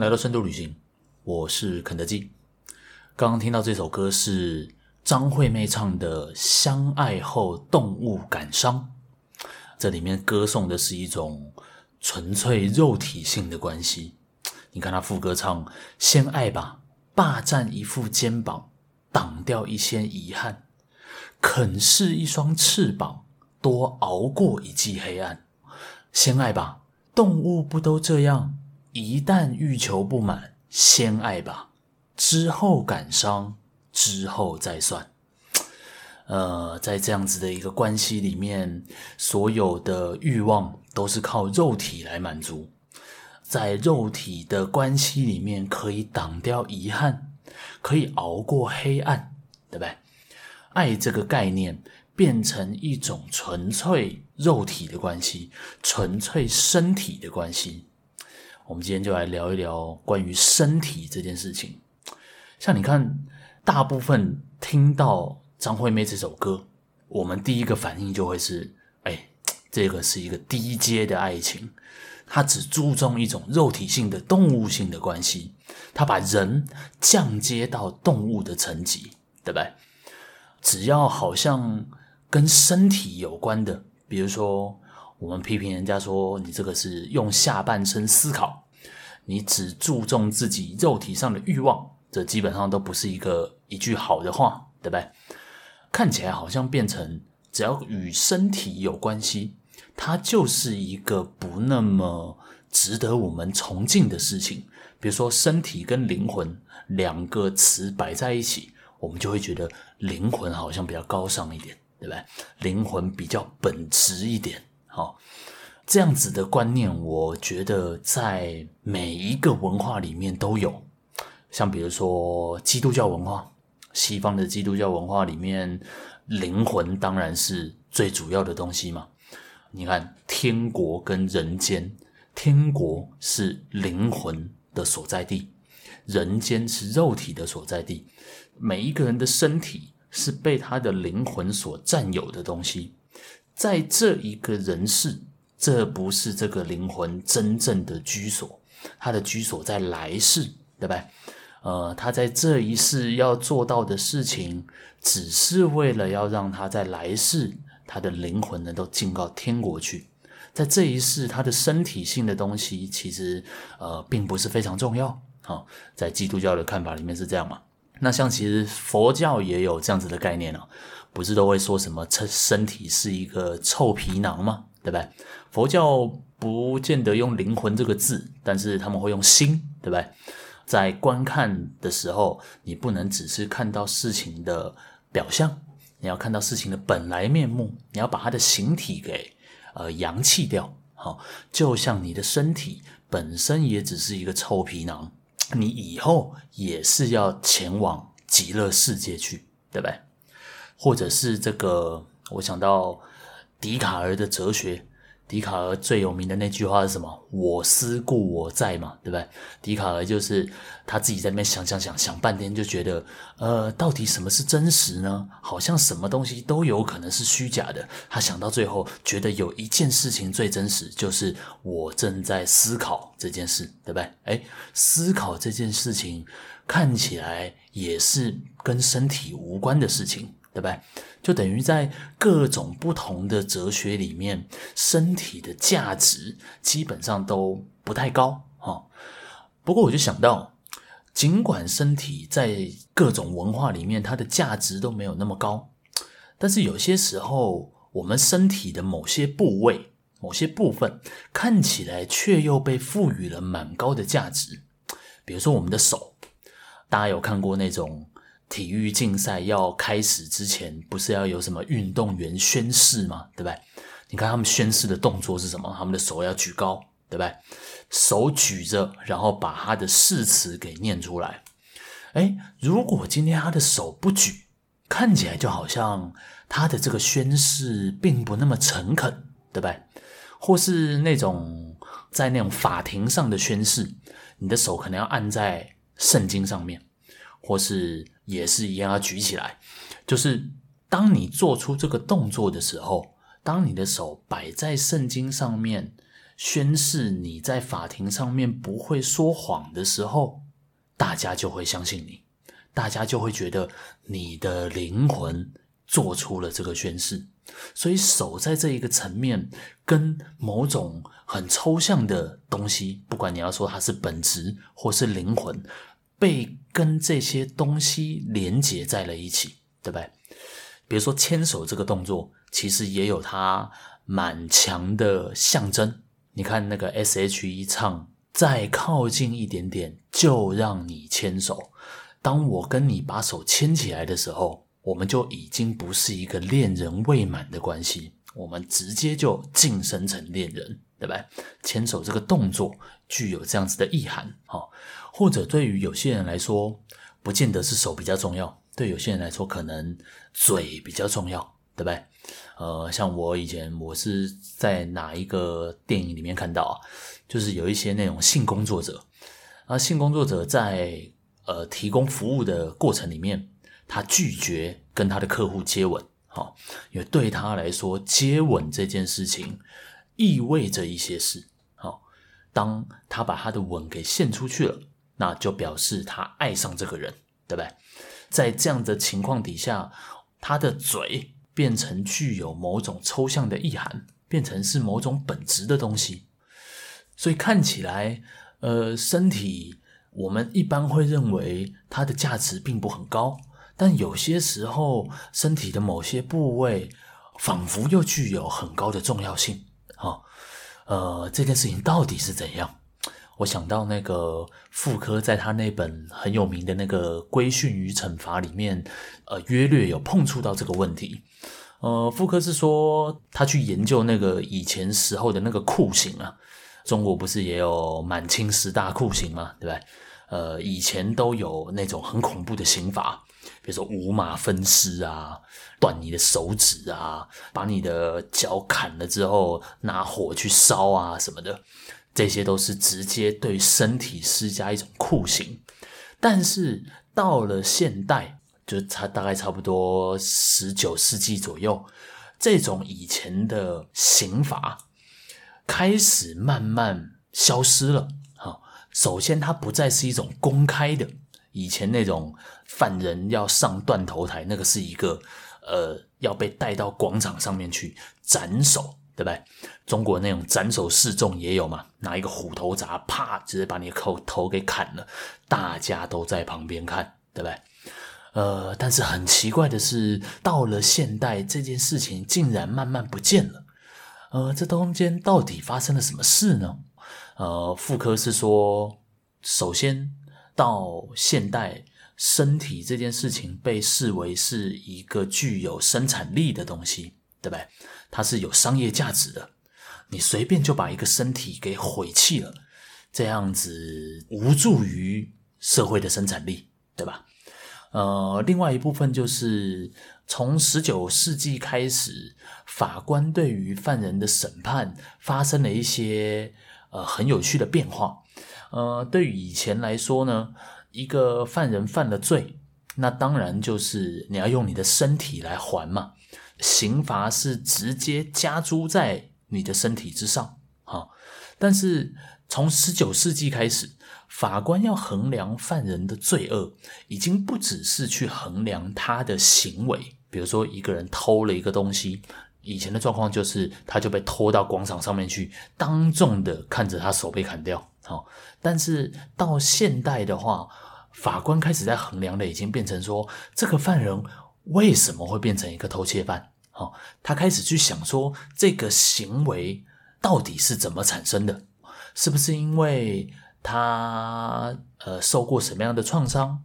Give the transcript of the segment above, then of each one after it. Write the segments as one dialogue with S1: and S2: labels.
S1: 來到深度旅行，我是肯得肌。剛剛聽到這首歌是張惠妹唱的《相愛後動物感傷》，這裡面歌頌的是一種純粹肉體性的關係。你看他副歌唱：“先愛吧，霸占一副肩膀，擋掉一些遺憾，啃噬一雙翅膀，多熬過一季黑暗。先愛吧，動物不都這樣？”一旦欲求不滿，先愛吧，之後感傷，之後再算。呃，在這樣子的一個關係裡面，所有的欲望都是靠肉體來滿足，在肉體的關係裡面，可以擋掉遺憾，可以熬過黑暗，對不對？愛這個概念變成一種純粹肉體的關係，純粹身體的關係。我們今天就來聊一聊關於身體這件事情。像你看，大部分聽到張惠妹這首歌，我們第一個反應就會是：哎，這個是一個低階的愛情，它只注重一種肉體性的、動物性的關係，它把人降階到動物的層級，對吧？只要好像跟身體有關的，比如說，我們批評人家說你這個是用下半身思考。你只注重自己肉體上的欲望，這基本上都不是一個一句好的話，對不對？看起來好像變成只要與身體有關係，它就是一個不那麼值得我們崇敬的事情。比如說，身體跟靈魂兩個詞擺在一起，我們就會覺得靈魂好像比較高尚一點，對不對？靈魂比較本質一點，好、哦。這樣子的觀念，我覺得在每一個文化裡面都有。像比如說基督教文化，西方的基督教文化裡面，靈魂當然是最主要的東西嘛。你看，天國跟人間，天國是靈魂的所在地，人間是肉體的所在地。每一個人的身體是被他的靈魂所佔有的東西，在這一個人世，這不是這個靈魂真正的居所，他的居所在來世，對吧？呃，他在這一世要做到的事情，只是為了要讓他在來世，他的靈魂能夠進到天國去。在這一世，他的身體性的東西其實呃，並不是非常重要啊、哦。在基督教的看法裡面是這樣嘛？那像其實佛教也有這樣子的概念啊，不是都會說什麼“身體是一個臭皮囊”嗎？對不對？佛教不見得用靈魂這個字，但是他們會用心，對不對？在觀看的時候，你不能只是看到事情的表象，你要看到事情的本來面目，你要把它的形體給呃揚棄掉。好、哦，就像你的身體本身也只是一個臭皮囊，你以後也是要前往極樂世界去，對不對？或者是這個，我想到。笛卡爾的哲學，笛卡爾最有名的那句話是什麼？“我思故我在”嘛，對不對？笛卡爾就是他自己在那邊想想想想半天，就覺得，呃，到底什麼是真實呢？好像什麼東西都有可能是虛假的。他想到最後，覺得有一件事情最真實，就是我正在思考這件事，對不對？誒，思考這件事情看起來也是跟身體無關的事情。對不對？就等於在各種不同的哲學裡面，身體的價值基本上都不太高哈。不過我就想到，儘管身體在各種文化裡面它的價值都沒有那麼高，但是有些時候，我們身體的某些部位、某些部分看起來卻又被賦予了蠻高的價值。比如說我們的手，大家有看過那種？體育競賽要開始之前，不是要有什麼運動員宣誓嗎？對不對？你看他們宣誓的動作是什麼？他們的手要舉高，對不對？手舉着，然後把他的誓詞給念出來。誒，如果今天他的手不舉，看起來就好像他的這個宣誓並不那麼誠懇，對不對？或是那種在那種法庭上的宣誓，你的手可能要按在聖經上面，或是。也是一樣，要舉起來。就是當你做出這個動作的時候，當你的手擺在聖經上面，宣誓你在法庭上面不會說謊的時候，大家就會相信你，大家就會覺得你的靈魂做出了這個宣誓。所以，手在這一個層面，跟某種很抽象的東西，不管你要說它是本質或是靈魂，被跟這些東西連結在了一起，對不對？比如說牽手這個動作，其實也有它蠻強的象徵。你看那個 S.H.E 唱《再靠近一點點》，就讓你牽手。當我跟你把手牽起來的時候，我們就已經不是一個戀人未滿的關係，我們直接就晉升成戀人，對吧？牽手這個動作具有這樣子的意涵，哦。或者對於有些人來說，不見得是手比較重要。對有些人來說，可能嘴比較重要，對不對？呃，像我以前我是在哪一個電影裡面看到啊？就是有一些那種性工作者，啊，性工作者在呃提供服務的過程裡面，他拒絕跟他的客戶接吻，好、哦，因為對他來說，接吻這件事情意味着一些事。哦，當他把他的吻給獻出去了，那就表示他愛上這個人，對不對？在這樣的情況底下，他的嘴變成具有某種抽象的意涵，變成是某種本質的東西。所以看起來，呃，身體我們一般會認為它的價值並不很高，但有些時候身體的某些部位仿佛又具有很高的重要性。好，哦，呃，這件事情到底是怎樣？我想到那個傅科在他那本很有名的那個《規訓與懲罰》裡面，呃，約略有碰觸到這個問題。呃，傅科是說他去研究那個以前時候的那個酷刑啊，中國不是也有滿清十大酷刑嘛，對不對？呃，以前都有那種很恐怖的刑罰，比如說五馬分屍啊，斷你的手指啊，把你的腳砍了之後拿火去燒啊什麼的。這些都是直接對身體施加一種酷刑，但是到了現代，就差大概差不多十九世紀左右，這種以前的刑罰開始慢慢消失了。哈，首先它不再是一種公開的，以前那種犯人要上斷頭台，那個是一個呃要被帶到廣場上面去斬首。對不對？中國那種斬首示眾也有嘛？拿一個虎頭鍘，啪，直接把你的頭給砍了，大家都在旁邊看，對不對？呃，但是很奇怪的是，到了現代，這件事情竟然慢慢不見了。呃，這中間到底發生了什麼事呢？呃，傅柯是說，首先到現代，身體這件事情被視為是一個具有生產力的東西，對不對？它是有商業價值的，你隨便就把一個身體給毀棄了，這樣子無助於社會的生產力，對吧？呃，另外一部分就是從十九世紀開始，法官對於犯人的審判發生了一些呃很有趣的變化。呃，對於以前來說呢，一個犯人犯了罪，那當然就是你要用你的身體來還嘛。刑罰是直接加諸在你的身體之上啊、哦！但是從十九世紀開始，法官要衡量犯人的罪惡，已經不只是去衡量他的行為。比如說，一個人偷了一個東西，以前的狀況就是他就被拖到廣場上面去，當眾的看着他手被砍掉啊、哦！但是到現代的話，法官開始在衡量的，已經變成說這個犯人。為什麼會變成一個偷竊犯？好、哦，他開始去想說，這個行為到底是怎麼產生的？是不是因為他呃受過什麼樣的創傷？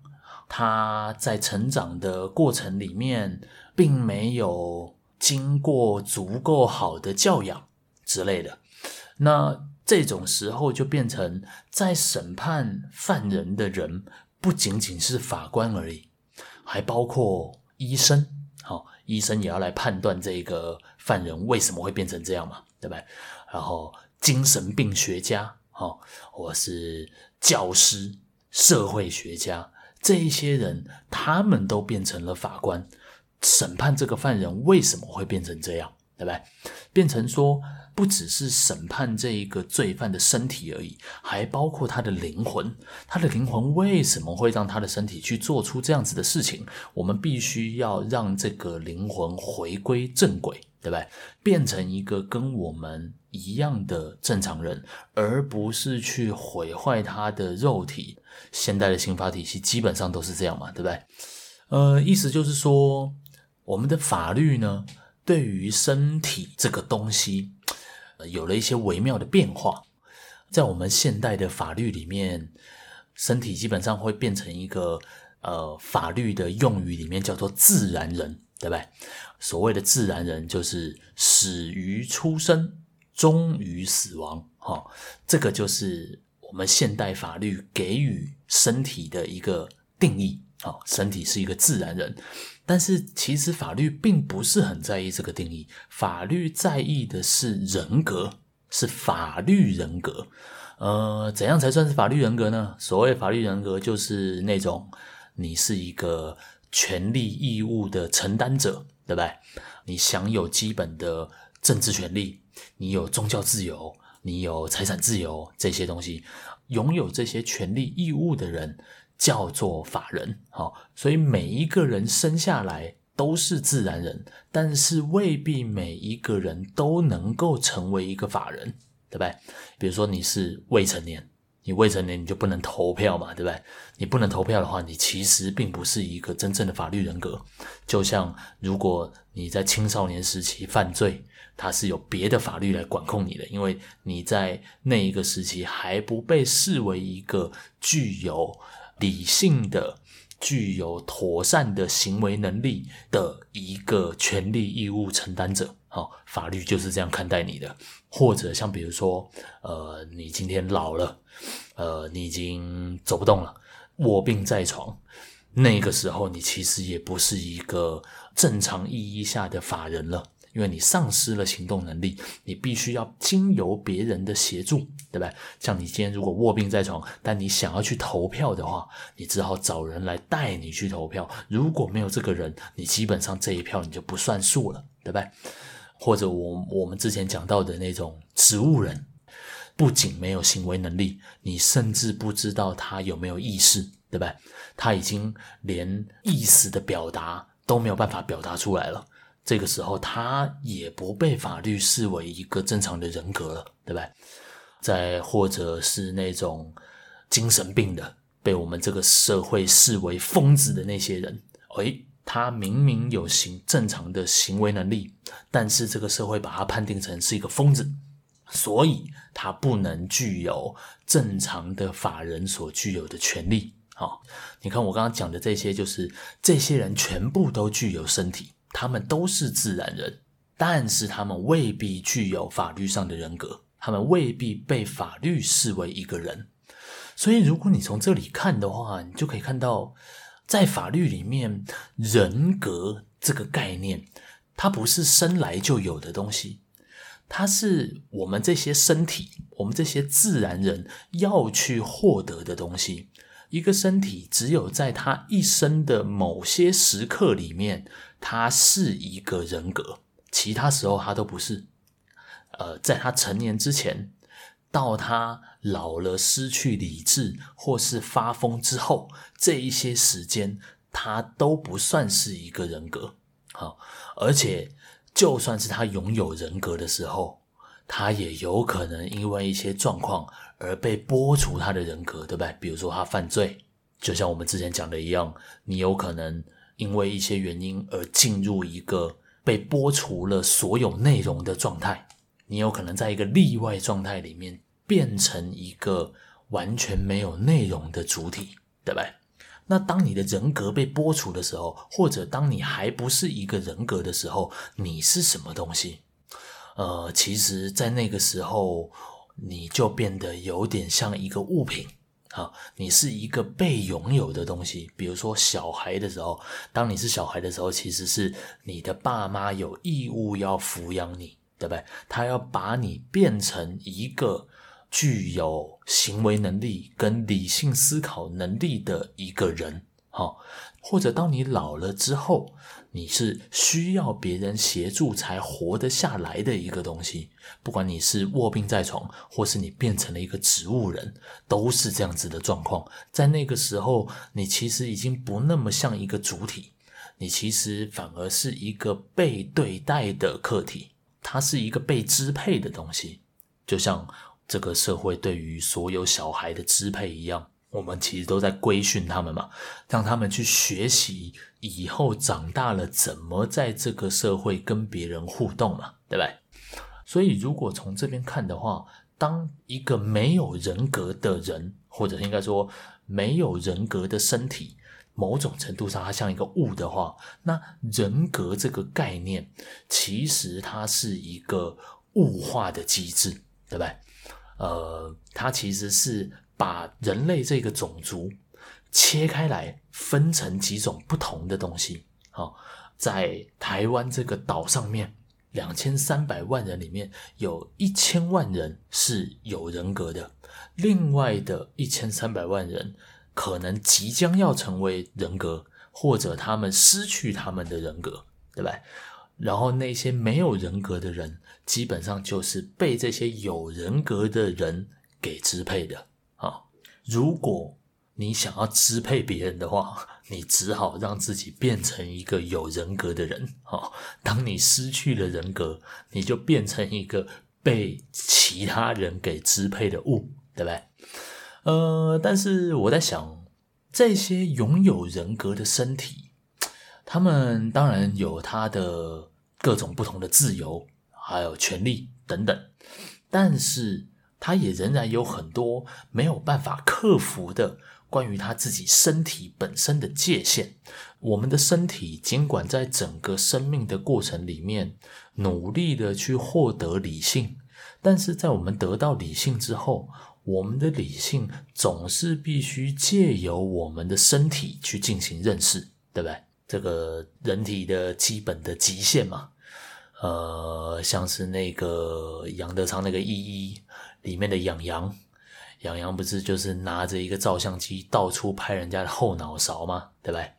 S1: 他在成長的過程裡面，並沒有經過足夠好的教養之類的。那這種時候就變成，在審判犯人的人不僅僅是法官而已，還包括。醫生，好，醫生也要來判斷這個犯人為什麼會變成這樣嘛，對不對？然後精神病學家，哦，或是教師、社會學家，這一些人，他們都變成了法官，審判這個犯人為什麼會變成這樣，對不對？變成說。不只是審判這一個罪犯的身體而已，還包括他的靈魂。他的靈魂為什麼會讓他的身體去做出這樣子的事情？我們必須要讓這個靈魂回歸正軌，對不對？變成一個跟我們一樣的正常人，而不是去毀壞他的肉體。現代的刑法體系基本上都是這樣嘛，對不對？呃，意思就是說，我們的法律呢，對於身體這個東西。有了一些微妙的變化，在我們現代的法律裡面，身體基本上會變成一個呃，法律的用語裡面叫做自然人，對不對？所謂的自然人就是始於出生，終於死亡，哈、哦，這個就是我們現代法律給予身體的一個定義，哈、哦，身體是一個自然人。但是其實法律並不是很在意這個定義，法律在意的是人格，是法律人格。呃，怎樣才算是法律人格呢？所謂法律人格，就是那種你是一個權利義務的承擔者，對不對？你享有基本的政治權利，你有宗教自由，你有財產自由這些東西，擁有這些權利義務的人。叫做法人，好，所以每一個人生下來都是自然人，但是未必每一個人都能夠成為一個法人，對吧？比如說你是未成年，你未成年你就不能投票嘛，對吧？你不能投票的話，你其實並不是一個真正的法律人格。就像如果你在青少年時期犯罪，他是有別的法律來管控你的，因為你在那一個時期還不被視為一個具有。理性的、具有妥善的行為能力的一個權利義務承擔者，好、哦，法律就是這樣看待你的。或者像比如說，呃，你今天老了，呃，你已經走不動了，臥病在床，那個時候你其實也不是一個正常意義下的法人了。因為你喪失了行動能力，你必須要經由別人的協助，對吧？像你今天如果臥病在床，但你想要去投票的話，你只好找人來帶你去投票。如果沒有這個人，你基本上這一票你就不算數了，對吧？或者我我們之前講到的那種植物人，不僅沒有行為能力，你甚至不知道他有沒有意識，對吧？他已經連意識的表達都沒有辦法表達出來了。這個時候，他也不被法律視為一個正常的人格了，對吧？再或者是那種精神病的，被我們這個社會視為瘋子的那些人，誒、哎，他明明有行正常的行為能力，但是這個社會把他判定成是一個瘋子，所以他不能具有正常的法人所具有的權利。好、哦，你看我剛剛講的這些，就是這些人全部都具有身體。他們都是自然人，但是他們未必具有法律上的人格，他們未必被法律視為一個人。所以，如果你從這裡看的話，你就可以看到，在法律裡面，人格這個概念，它不是生來就有的東西，它是我們這些身體，我們這些自然人要去獲得的東西。一個身體只有在他一生的某些時刻裡面。他是一個人格，其他時候他都不是。呃，在他成年之前，到他老了失去理智或是發瘋之後，這一些時間他都不算是一個人格。好，而且就算是他擁有人格的時候，他也有可能因為一些狀況而被剝除他的人格，對不對？比如說他犯罪，就像我們之前講的一樣，你有可能。因為一些原因而進入一個被剝除了所有內容的狀態，你有可能在一個例外狀態裡面變成一個完全沒有內容的主體，對吧？那當你的人格被剝除的時候，或者當你還不是一個人格的時候，你是什麼東西？呃，其實，在那個時候，你就變得有點像一個物品。啊、哦，你是一個被擁有的東西。比如說，小孩的時候，當你是小孩的時候，其實是你的爸媽有義務要撫養你，對不對？他要把你變成一個具有行為能力跟理性思考能力的一個人。好、哦，或者當你老了之後。你是需要別人協助才活得下來的一個東西，不管你是臥病在床，或是你變成了一個植物人，都是這樣子的狀況。在那個時候，你其實已經不那麼像一個主體，你其實反而是一個被對待的客體，它是一個被支配的東西，就像這個社會對於所有小孩的支配一樣。我們其實都在規訓他們嘛，讓他們去學習以後長大了怎麼在這個社會跟別人互動嘛，對不對？所以如果從這邊看的話，當一個沒有人格的人，或者應該說沒有人格的身體，某種程度上它像一個物的話，那人格這個概念其實它是一個物化的機製，對不對？呃，它其實是，把人類這個種族切開來，分成幾種不同的東西。好，在台灣這個島上面，兩千三百萬人裡面有一千萬人是有人格的，另外的一千三百萬人可能即將要成為人格，或者他們失去他們的人格，對吧？然後那些沒有人格的人，基本上就是被這些有人格的人給支配的。啊、哦，如果你想要支配別人的話，你只好讓自己變成一個有人格的人。啊、哦，當你失去了人格，你就變成一個被其他人給支配的物，對不對？呃，但是我在想，這些擁有人格的身體，他們當然有他的各種不同的自由，還有權利等等，但是，他也仍然有很多沒有辦法克服的關於他自己身體本身的界限。我們的身體儘管在整個生命的過程裡面努力的去獲得理性，但是在我們得到理性之後，我們的理性總是必須借由我們的身體去進行認識，對不對？這個人體的基本的極限嘛，呃，像是那個楊德昌那個一一。裡面的洋洋，洋洋不是就是拿着一個照相機到處拍人家的後腦勺嗎？對不對？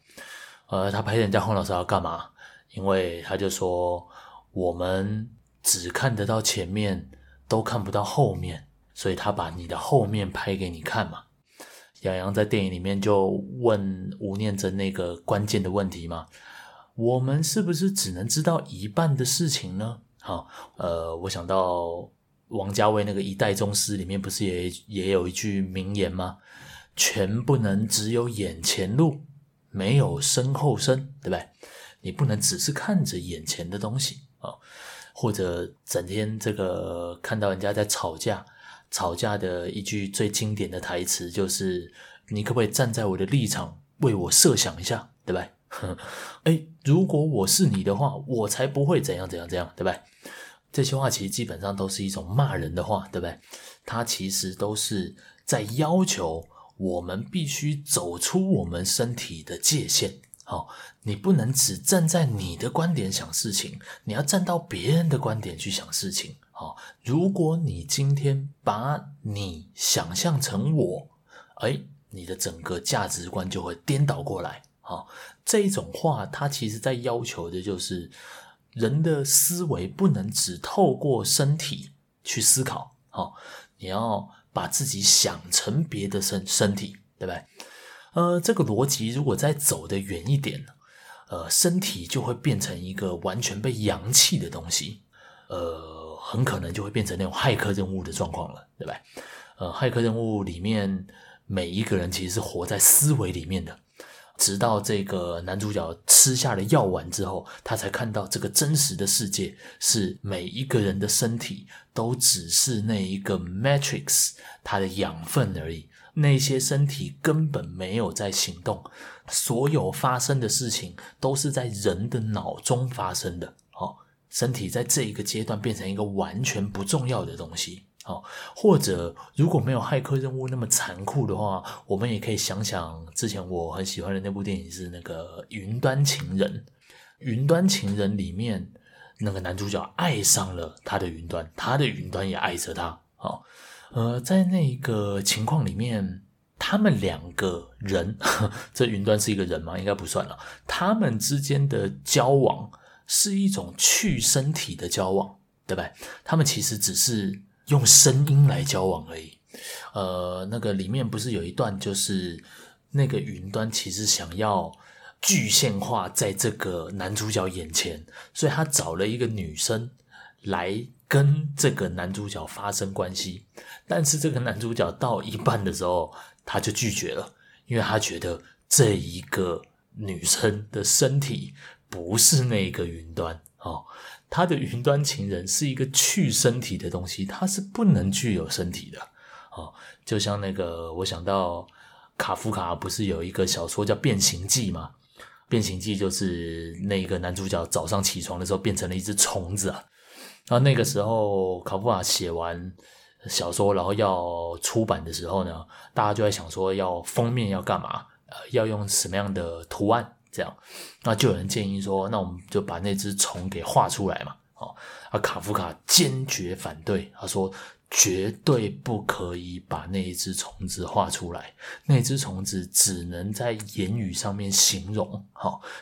S1: 呃，他拍人家後腦勺要幹嘛？因為他就說，我們只看得到前面，都看不到後面，所以他把你的後面拍給你看嘛。洋洋在電影裡面就問吳念真那個關鍵的問題嘛：我們是不是只能知道一半的事情呢？好、哦，呃，我想到，王家衛那個《一代宗師》裡面不是也也有一句名言嗎？拳不能只有眼前路，沒有身後身，對吧？你不能只是看着眼前的東西啊，或者整天這個看到人家在吵架，吵架的一句最經典的台詞就是：你可不可以站在我的立場為我設想一下，對吧？哼、哎、欸，如果我是你的話，我才不會怎樣怎樣怎樣，對吧？這些話其實基本上都是一種罵人的話，對不對？它其實都是在要求我們必須走出我們身體的界限。好，你不能只站在你的觀點想事情，你要站到別人的觀點去想事情。好，如果你今天把你想象成我，誒，你的整個價值觀就會顛倒過來。好，這種話，它其實在要求的就是。人的思維不能只透過身體去思考，好、哦，你要把自己想成別的身身體，對吧？呃，這個邏輯如果再走得遠一點，呃，身體就會變成一個完全被陽氣的東西，呃，很可能就會變成那種駭客任務的狀況了，對吧？呃，駭客任務裡面每一個人其實是活在思維裡面的。直到這個男主角吃下了藥丸之後，他才看到這個真實的世界，是每一個人的身體都只是那一個 Matrix 它的養分而已，那些身體根本沒有在行動，所有發生的事情都是在人的腦中發生的。哦，身體在這一個階段變成一個完全不重要的東西。好，或者如果沒有駭客任務那麼殘酷的話，我們也可以想想之前我很喜歡的那部電影是那個《雲端情人》。《雲端情人》裡面那個男主角愛上了他的雲端，他的雲端也愛着他。好，呃，在那個情況裡面，他們兩個人，這雲端是一個人嗎？應該不算了。他們之間的交往，是一種去身體的交往，對吧？他們其實只是。用聲音來交往而已，呃，那個裡面不是有一段，就是那個雲端其實想要具現化在這個男主角眼前，所以他找了一個女生來跟這個男主角發生關係，但是這個男主角到一半的時候他就拒絕了，因為他覺得這一個女生的身體不是那個雲端哦。他的雲端情人是一個去身體的東西，他是不能具有身體的啊、哦！就像那個，我想到卡夫卡不是有一個小說叫《變形記》嗎？《變形記》就是那個男主角早上起床的時候變成了一隻蟲子啊！然後那個時候卡夫卡寫完小說，然後要出版的時候呢，大家就在想說要封面要幹嘛？呃，要用什麼樣的圖案？這樣，那就有人建議說，那我們就把那只蟲給畫出來嘛。啊，卡夫卡堅決反對，他說絕對不可以把那一只蟲子畫出來，那只蟲子只能在言語上面形容，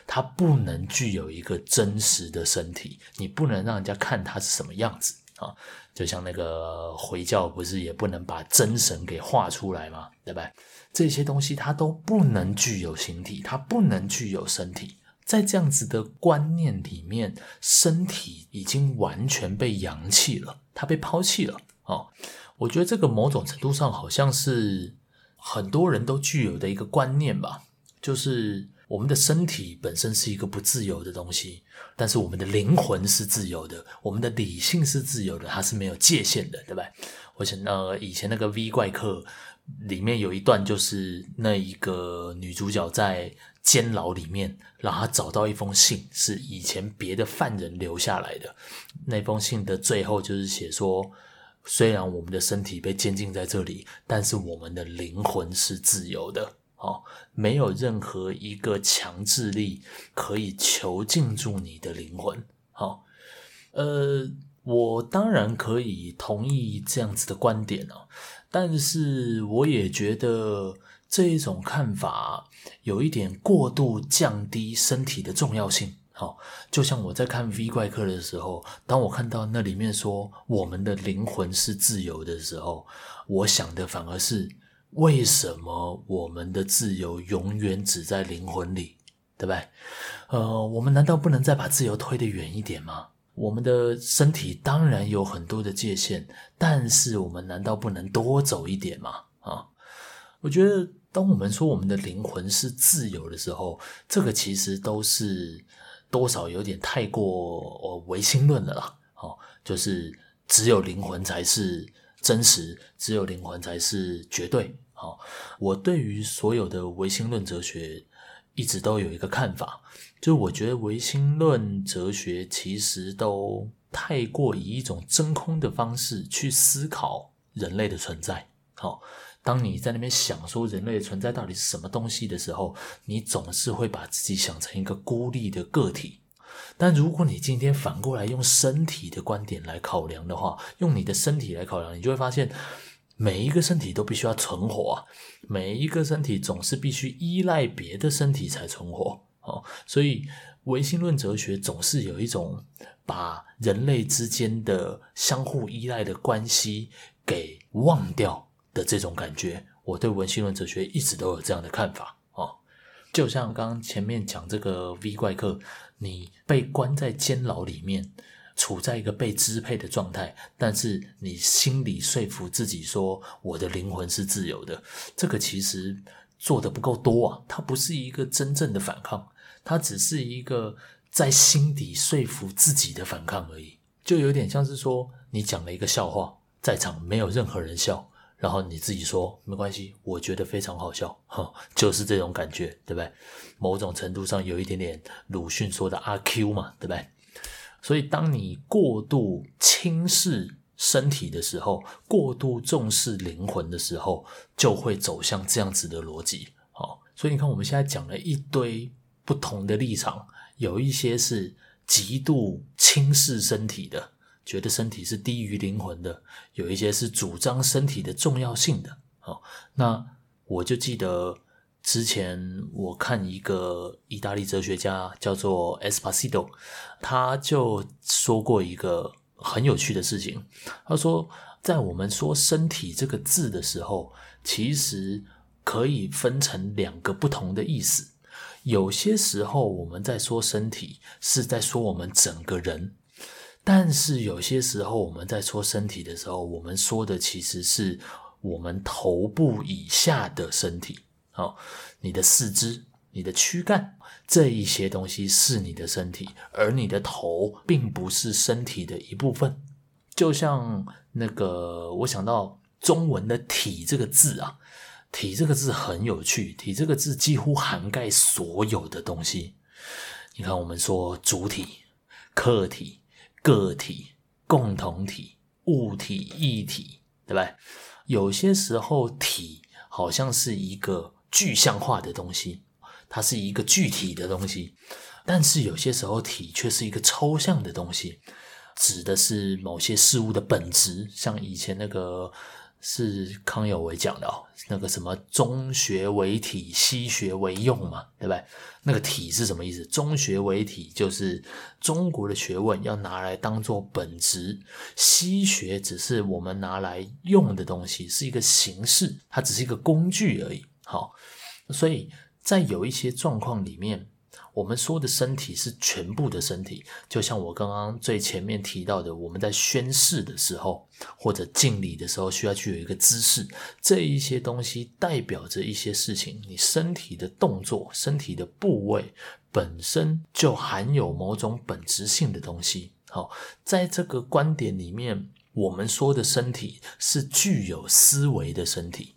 S1: 它不能具有一個真實的身體，你不能讓人家看它是什麼樣子啊，就像那個回教不是也不能把真神給畫出來嘛，對不對？這些東西它都不能具有形體，它不能具有身體。在這樣子的觀念裡面，身體已經完全被揚棄了，它被拋棄了。哦，我覺得這個某種程度上好像是很多人都具有的一個觀念吧，就是我們的身體本身是一個不自由的東西，但是我們的靈魂是自由的，我們的理性是自由的，它是沒有界限的，對吧？我想，呃，以前那個 V 怪客。裡面有一段，就是那一個女主角在監牢裡面，然後找到一封信，是以前別的犯人留下來的。那封信的最後就是寫說：雖然我們的身體被監禁在這裡，但是我們的靈魂是自由的。好、哦，沒有任何一個強制力可以囚禁住你的靈魂。好、哦，呃，我當然可以同意這樣子的觀點啊、哦。但是我也覺得這一種看法有一點過度降低身體的重要性。好，就像我在看《V 怪客》的時候，當我看到那裡面說我們的靈魂是自由的時候，我想的反而是為什麼我們的自由永遠只在靈魂裡，對吧？呃，我們難道不能再把自由推得遠一點嗎？我們的身體當然有很多的界限，但是我們難道不能多走一點嗎？啊，我覺得當我們說我們的靈魂是自由的時候，這個其實都是多少有點太過哦唯心論了啦。哦，就是只有靈魂才是真實，只有靈魂才是絕對。哦，我對於所有的唯心論哲學。一直都有一個看法，就是我覺得唯心論哲學其實都太過以一種真空的方式去思考人類的存在。好、哦，當你在那邊想說人類的存在到底是什麼東西的時候，你總是會把自己想成一個孤立的個體。但如果你今天反過來用身體的觀點來考量的話，用你的身體來考量，你就會發現。每一個身體都必須要存活啊，每一個身體總是必須依賴別的身體才存活哦，所以唯心論哲學總是有一種把人類之間的相互依賴的關係給忘掉的這種感覺。我對唯心論哲學一直都有這樣的看法哦，就像剛剛前面講這個 V 怪客，你被關在監牢裡面，處在一個被支配的狀態，但是你心裡說服自己說我的靈魂是自由的，這個其實做得不夠多啊，它不是一個真正的反抗，它只是一個在心底說服自己的反抗而已，就有點像是說你講了一個笑話，在場沒有任何人笑，然後你自己說沒關係，我覺得非常好笑，哈，就是這種感覺，對不對？某種程度上有一點點魯迅說的阿 Q 嘛，對不對？所以，當你過度輕視身體的時候，過度重視靈魂的時候，就會走向這樣子的邏輯。哦，所以你看，我們現在講了一堆不同的立場，有一些是極度輕視身體的，覺得身體是低於靈魂的；有一些是主張身體的重要性的。哦，那我就記得。之前我看一個意大利哲學家叫做 Esposito，他就說過一個很有趣的事情。他說，在我們說“身體”這個字的時候，其實可以分成兩個不同的意思。有些時候我們在說“身體”是在說我們整個人，但是有些時候我們在說“身體”的時候，我們說的其實是我們頭部以下的身體。哦，你的四肢、你的軀幹這一些東西是你的身體，而你的頭並不是身體的一部分。就像那個，我想到中文的“體”這個字啊，“體”這個字很有趣，“體”這個字幾乎涵蓋所有的東西。你看，我們說主體、客體、個體、共同體、物體、一體，對吧？有些時候“體”好像是一個具象化的東西，它是一個具體的東西，但是有些時候“體”卻是一個抽象的東西，指的是某些事物的本質。像以前那個是康有為講的啊，那個什麼“中學為體，西學為用”嘛，對不對？那個“體”是什麼意思？“中學為體”就是中國的學問要拿來當做本質，“西學”只是我們拿來用的東西，是一個形式，它只是一個工具而已。好。所以在有一些狀況裡面，我們說的身體是全部的身體，就像我剛剛最前面提到的，我們在宣誓的時候或者敬禮的時候，時候需要去有一個姿勢，這一些東西代表着一些事情。你身體的動作、身體的部位本身就含有某種本質性的東西。好，在這個觀點裡面，我們說的身體是具有思維的身體，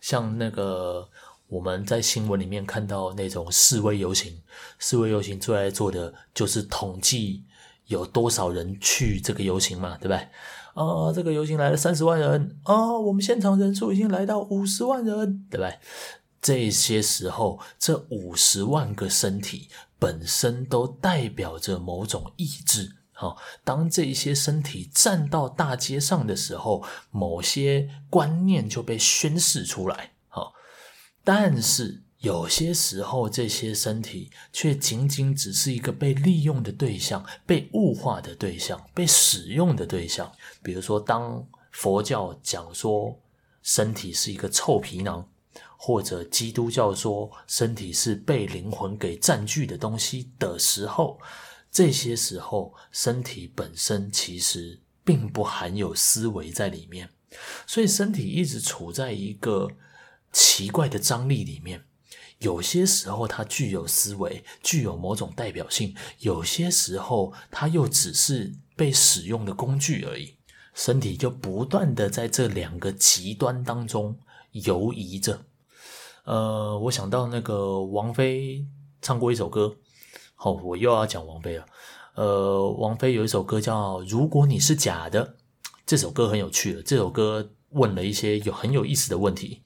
S1: 像那個。我們在新聞裡面看到那種示威遊行，示威遊行最愛做的就是統計有多少人去這個遊行嘛，對吧？啊，這個遊行來了三十萬人啊，我們現場人數已經來到五十萬人，對吧？這些時候，這五十萬個身體本身都代表着某種意志啊。當這些身體站到大街上的時候，某些觀念就被宣示出來。但是有些時候，這些身體卻僅僅只是一個被利用的對象、被物化的對象、被使用的對象。比如說，當佛教講說身體是一個臭皮囊，或者基督教說身體是被靈魂給占據的東西的時候，這些時候身體本身其實並不含有思維在裡面。所以身體一直處在一個。奇怪的張力裡面，有些時候它具有思維，具有某種代表性；有些時候，它又只是被使用的工具而已。身體就不斷的在這兩個極端當中游移着。呃，我想到那個王菲唱過一首歌，好、哦，我又要講王菲了。呃，王菲有一首歌叫《如果你是假的》，這首歌很有趣，這首歌問了一些有很有意思的問題。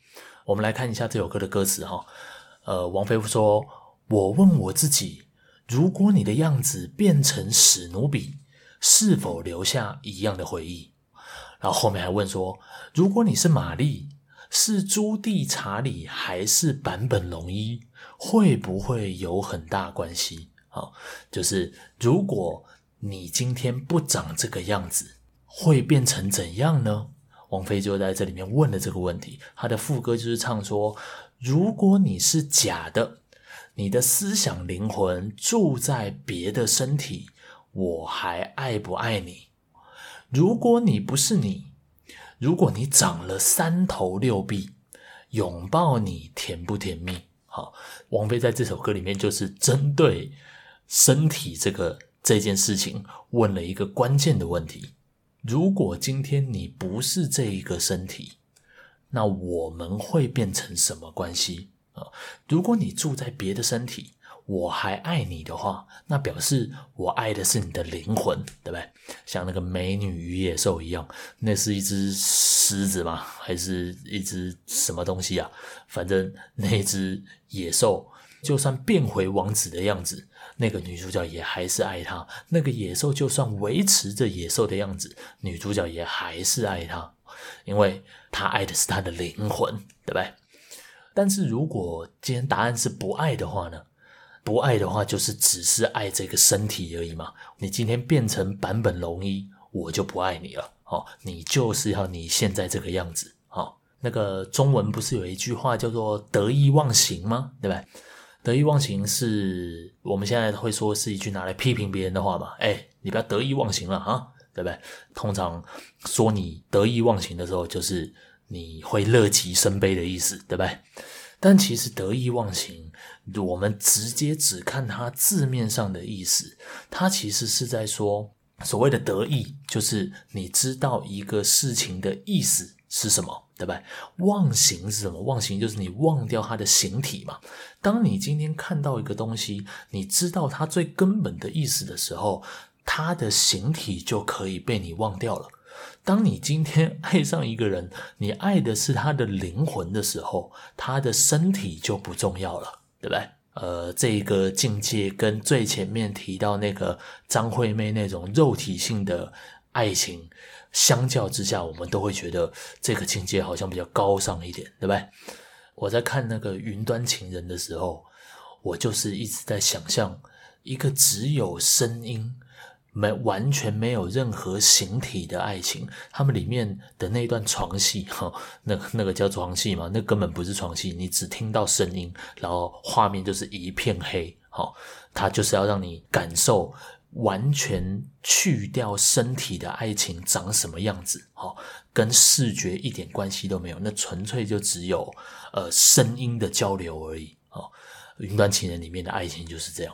S1: 我們來看一下這首歌的歌詞哈，呃，王菲說：“我問我自己，如果你的樣子變成史努比，是否留下一樣的回憶？”然後後面還問說：“如果你是瑪麗，是朱蒂查理，還是坂本龍一，會不會有很大關係？”啊、哦，就是如果你今天不長這個樣子，會變成怎樣呢？王菲就在這裡面問了這個問題，她的副歌就是唱說：“如果你是假的，你的思想靈魂住在別的身體，我還愛不愛你？如果你不是你，如果你長了三頭六臂，擁抱你甜不甜蜜？”好，王菲在這首歌裡面就是針對身體這個這件事情問了一個關鍵的問題。如果今天你不是這一個身體，那我們會變成什麼關係啊？如果你住在別的身體，我還愛你的話，那表示我愛的是你的靈魂，對不對？像那個美女與野獸一樣，那是一隻獅子嗎？還是一隻什麼東西啊？反正那隻野獸。就算變回王子的樣子，那個女主角也還是愛他；那個野獸就算維持着野獸的樣子，女主角也還是愛他，因為她愛的是她的靈魂，對不對？但是如果今天答案是不愛的話呢？不愛的話就是只是愛這個身體而已嘛。你今天變成坂本龍一，我就不愛你了。哦，你就是要你現在這個樣子。哦，那個中文不是有一句話叫做“得意忘形”嗎？對不對？得意忘形是我們現在會說是一句拿來批評別人的話吧，哎，你不要得意忘形了哈，對不對？通常說你得意忘形的時候，就是你會樂極生悲的意思，對不對？
S2: 但其
S1: 實得意忘形，我們直接只看它字面上的意思，它其實是在說所謂的得意，就是你知道一個事情的意思是什麼。對不對？忘形是什麼？忘形就是你忘掉它的形體嘛。當你今天看到一個東西，你知道它最根本的意思的時候，它的形體就可以被你忘掉了。當你今天愛上一個人，你愛的是他的靈魂的時候，他的身體就不重要了，對不對？呃，這個境界跟最前面提到那個張惠妹那種肉體性的愛情。相較之下，我們都會覺得這個情節好像比較高尚一點，對不對？我在看那個《雲端情人》的時候，我就是一直在想象一個只有聲音、沒完全沒有任何形體的愛情。他們裡面的那段床戲，哈，那那個叫床戲嗎？那根本不是床戲，你只聽到聲音，然後畫面就是一片黑，好，它就是要讓你感受。完全去掉身體的愛情長什麼樣子？哦，跟視覺一點關係都沒有，那純粹就只有呃聲音的交流而已。哦，《雲端情人》裡面的愛情就是這樣。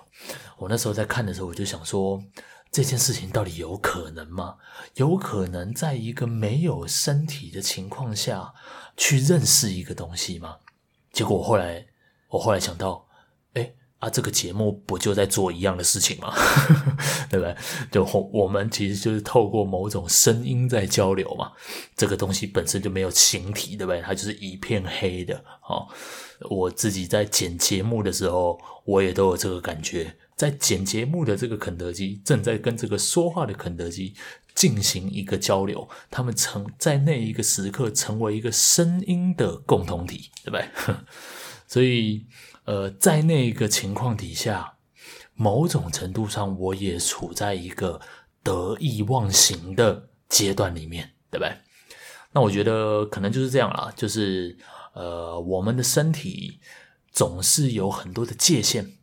S1: 我那時候在看的時候，我就想說，這件事情到底有可能嗎？有可能在一個沒有身體的情況下去認識一個東西嗎？結果我後來我後來想到，誒。啊，這個節目不就在做一樣的事情嗎？ 對不對？就我們其實就是透過某種聲音在交流嘛。這個東西本身就沒有形體，對不對？它就是一片黑的。好、哦，我自己在剪節目的時候，我也都有這個感覺。在剪節目的這個肯得肌，正在跟這個說話的肯得肌進行一個交流。他們成在那一個時刻，成為一個聲音的共同體，對不對？ 所以。呃，在那個情況底下，某種程度上，我也處在一個得意忘形的階段裡面，對不對？那我覺得可能就是這樣啦，就是呃，我們的身體總是有很多的界限，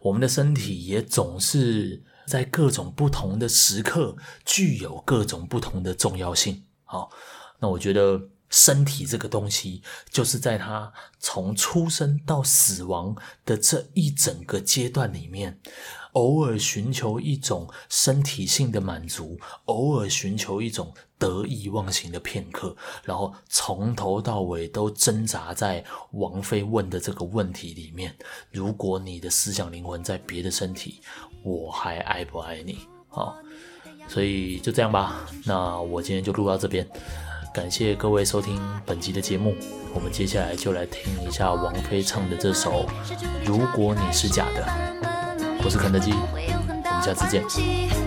S1: 我們的身體也總是在各種不同的時刻具有各種不同的重要性。好、哦，那我覺得。身體這個東西，就是在他從出生到死亡的這一整個階段裡面，偶爾尋求一種身體性的滿足，偶爾尋求一種得意忘形的片刻，然後從頭到尾都掙扎在王菲問的這個問題裡面。如果你的思想靈魂在別的身體，我還愛不愛你？好，所以就這樣吧。那我今天就錄到這邊。感謝各位收聽本集的節目，我們接下來就來聽一下王菲唱的這首《如果你是假的》。我是肯得肌，我們下次見。